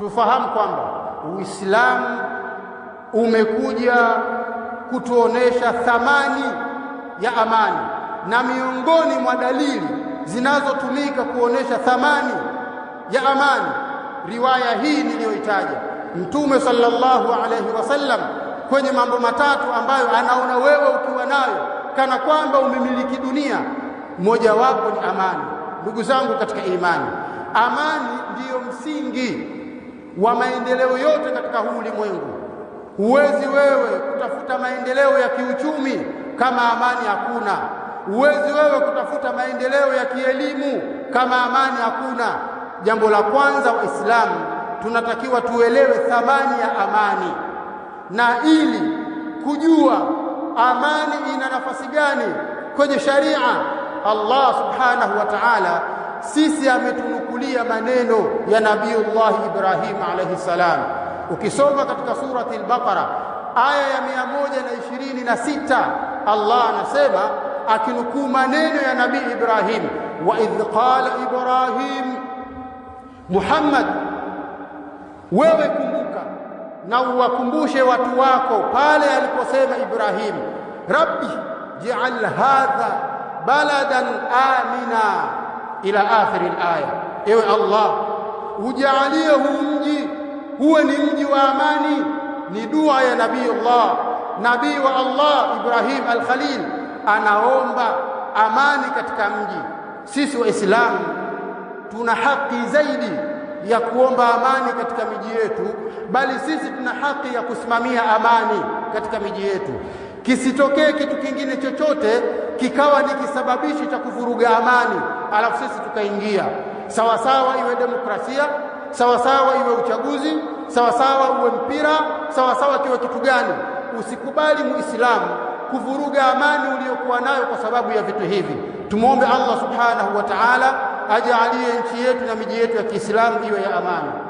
tufahamu kwamba Uislamu umekuja kutuonesha thamani ya amani, na miongoni mwa dalili zinazotumika kuonesha thamani ya amani, riwaya hii niliyoitaja, Mtume sallallahu alayhi wasallam kwenye mambo matatu ambayo anaona wewe ukiwa nayo kana kwamba umemiliki dunia, mojawapo ni amani. Ndugu zangu katika imani, amani ndiyo msingi wa maendeleo yote katika huu ulimwengu. Huwezi wewe kutafuta maendeleo ya kiuchumi kama amani hakuna. Huwezi wewe kutafuta maendeleo ya kielimu kama amani hakuna. Jambo la kwanza, Waislamu tunatakiwa tuelewe thamani ya amani, na ili kujua amani ina nafasi gani kwenye sharia, Allah subhanahu wa ta'ala sisi ametunu kuchukulia maneno ya Nabiiullah Ibrahim alayhi salam. Ukisoma katika surati al-Baqara aya ya 126 Allah anasema akinukuu maneno ya Nabii Ibrahim, wa idh qala Ibrahim, Muhammad, wewe kumbuka na uwakumbushe watu wako pale aliposema Ibrahim, rabbi ja'al hadha baladan amina ila akhiri al-aya ewe Allah ujalie huu mji huwe ni mji wa amani ni dua ya nabii Allah nabii wa Allah Ibrahim al-Khalil anaomba amani katika mji sisi waislamu tuna haki zaidi ya kuomba amani katika miji yetu bali sisi tuna haki ya kusimamia amani katika miji yetu kisitokee kitu kingine chochote kikawa ni kisababishi cha kuvuruga amani alafu sisi tukaingia sawasawa iwe demokrasia, sawasawa iwe uchaguzi, sawasawa uwe mpira, sawasawa kiwe kitu gani. Usikubali muislamu kuvuruga amani uliyokuwa nayo kwa sababu ya vitu hivi. Tumwombe Allah subhanahu wa ta'ala, ajaalie nchi yetu na miji yetu ya Kiislamu iwe ya amani.